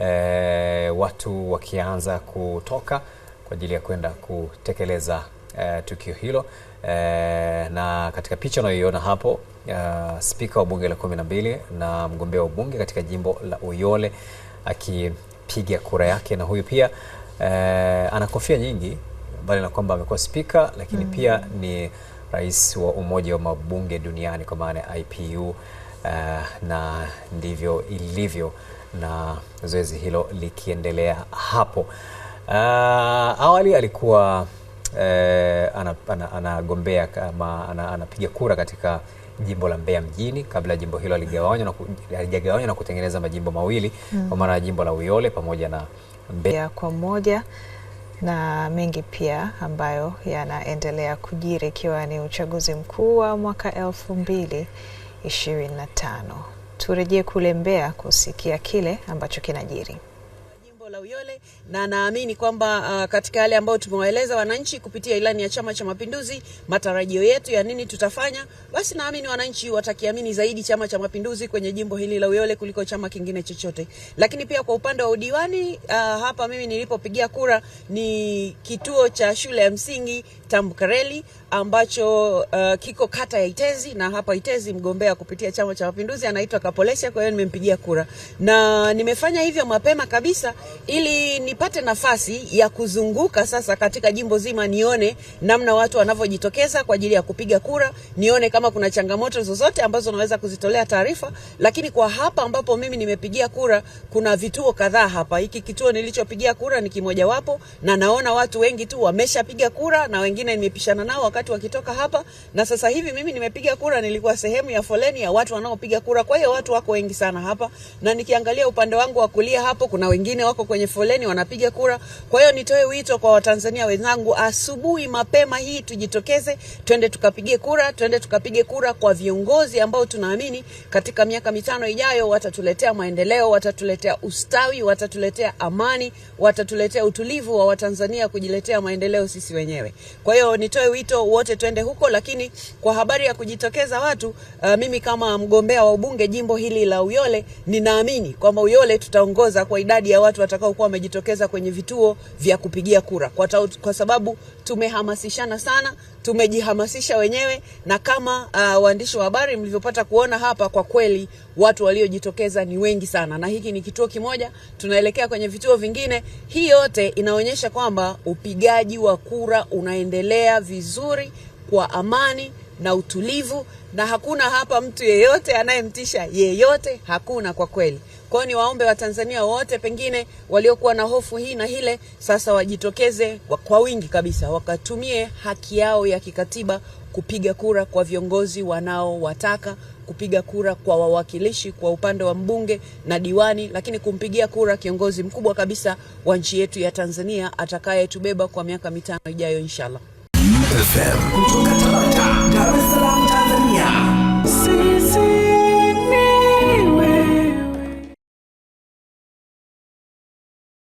eh, watu wakianza kutoka kwa ajili ya kwenda kutekeleza eh, tukio hilo eh, na katika picha unayoiona hapo eh, spika wa bunge la kumi na mbili na mgombea wa bunge katika jimbo la Uyole akipiga kura yake, na huyu pia eh, ana kofia nyingi mbali na kwamba amekuwa spika lakini mm. pia ni rais wa umoja wa mabunge duniani kwa maana ya IPU uh, na ndivyo ilivyo na zoezi hilo likiendelea hapo. Uh, awali alikuwa uh, eh, anagombea ana, ana kama anapiga ana kura katika jimbo la Mbeya mjini kabla jimbo hilo halijagawanywa na kutengeneza majimbo mawili mm, kwa maana ya jimbo la Uyole pamoja na Mbeya kwa moja na mengi pia ambayo yanaendelea kujiri ikiwa ni uchaguzi mkuu wa mwaka elfu mbili 25. Turejee kule Mbeya kusikia kile ambacho kinajiri la Uyole na naamini kwamba uh, katika yale ambayo tumewaeleza wananchi kupitia ilani ya Chama cha Mapinduzi, matarajio yetu ya nini tutafanya, basi naamini wananchi watakiamini zaidi Chama cha Mapinduzi kwenye jimbo hili la Uyole kuliko chama kingine chochote. Lakini pia kwa upande wa udiwani uh, hapa mimi nilipopigia kura ni kituo cha shule ya msingi Tambukareli ambacho uh, kiko kata ya Itezi na hapa Itezi mgombea kupitia Chama cha Mapinduzi anaitwa Kapolesha. Kwa hiyo nimempigia kura na nimefanya hivyo mapema kabisa ili nipate nafasi ya kuzunguka sasa katika jimbo zima, nione namna watu wanavyojitokeza kwa ajili ya kupiga kura, nione kama kuna changamoto zozote ambazo naweza kuzitolea taarifa. Lakini kwa hapa ambapo mimi nimepigia kura, kuna vituo kadhaa hapa. Hiki kituo nilichopigia kura ni kimojawapo, na naona watu wengi tu wameshapiga kura na wengi wengine nimepishana nao wakati wakitoka hapa, na sasa hivi mimi nimepiga kura, nilikuwa sehemu ya foleni ya watu wanaopiga kura. Kwa hiyo watu wako wengi sana hapa, na nikiangalia upande wangu wa kulia hapo, kuna wengine wako kwenye foleni wanapiga kura. Kwa hiyo nitoe wito kwa Watanzania wenzangu, asubuhi mapema hii tujitokeze, twende tukapige kura, twende tukapige kura kwa viongozi ambao tunaamini katika miaka mitano ijayo watatuletea maendeleo, watatuletea ustawi, watatuletea amani, watatuletea utulivu wa Watanzania kujiletea maendeleo sisi wenyewe kwa kwa hiyo nitoe wito wote twende huko, lakini kwa habari ya kujitokeza watu uh, mimi kama mgombea wa ubunge jimbo hili la Uyole ninaamini kwamba Uyole tutaongoza kwa idadi ya watu watakaokuwa wamejitokeza kwenye vituo vya kupigia kura kwa, kwa sababu tumehamasishana sana tumejihamasisha wenyewe, na kama uh, waandishi wa habari mlivyopata kuona hapa, kwa kweli watu waliojitokeza ni wengi sana, na hiki ni kituo kimoja, tunaelekea kwenye vituo vingine. Hii yote inaonyesha kwamba upigaji wa kura unaendelea vizuri kwa amani na utulivu, na hakuna hapa mtu yeyote anayemtisha yeyote, hakuna kwa kweli. Kwa hiyo niwaombe Watanzania wote pengine waliokuwa na hofu hii na hile, sasa wajitokeze kwa wingi kabisa, wakatumie haki yao ya kikatiba kupiga kura kwa viongozi wanaowataka, kupiga kura kwa wawakilishi kwa upande wa mbunge na diwani, lakini kumpigia kura kiongozi mkubwa kabisa wa nchi yetu ya Tanzania atakayetubeba kwa miaka mitano ijayo inshallah. FM